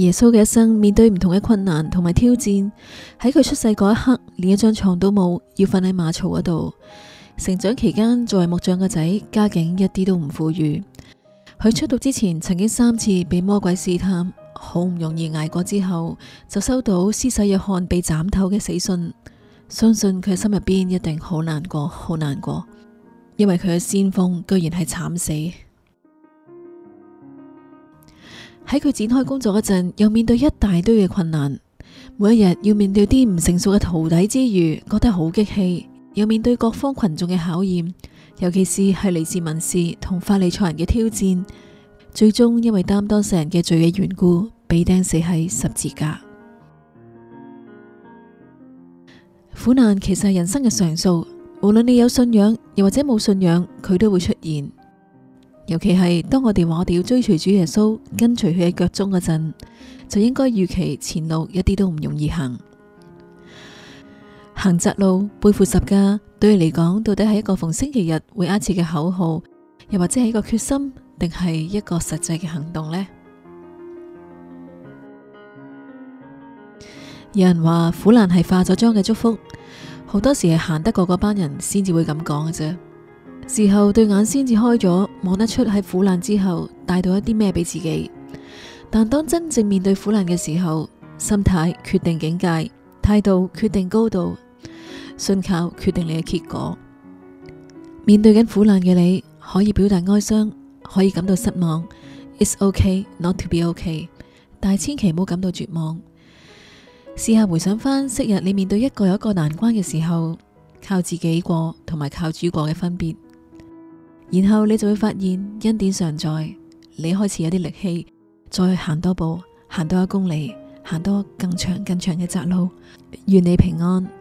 耶穌嘅一生面對唔同嘅困難同埋挑戰，喺佢出世嗰一刻連一張床都冇，要瞓喺馬槽嗰度。成長期間作為木匠嘅仔，家境一啲都唔富裕。佢出道之前曾經三次被魔鬼試探，好唔容易挨過之後，就收到施洗約翰被斬頭嘅死訊。相信佢心入邊一定好難過，好難過，因為佢嘅先鋒居然係慘死。喺佢展開工作嗰陣，又面對一大堆嘅困難，每一日要面對啲唔成熟嘅徒弟之餘，覺得好激氣，又面對各方群眾嘅考驗，尤其是係嚟自文士同法利賽人嘅挑戰。最終因為擔當世人嘅罪嘅緣故，被釘死喺十字架。苦難其實係人生嘅常數，無論你有信仰又或者冇信仰，佢都會出現。尤其係當我哋話我哋要追隨主耶穌，跟隨佢喺腳蹤嗰陣，就應該預期前路一啲都唔容易行，行窄路背負十架，對嚟講到底係一個逢星期日會厄切嘅口號，又或者係一個決心，定係一個實際嘅行動呢？有人話苦難係化咗妝嘅祝福，好多時係行得過嗰班人先至會咁講嘅啫。時候對眼先至開咗，望得出喺苦難之後帶到一啲咩俾自己。但當真正面對苦難嘅時候，心態決定境界，態度決定高度，信靠決定你嘅結果。面對緊苦難嘅你，可以表達哀傷，可以感到失望，It's okay, not to be okay，但係千祈唔好感到絕望。試下回想翻，昔日你面對一個有一個難關嘅時候，靠自己過同埋靠主過嘅分別。然後你就會發現恩典常在，你開始有啲力氣，再行多步，行多一公里，行多更長更長嘅窄路，願你平安。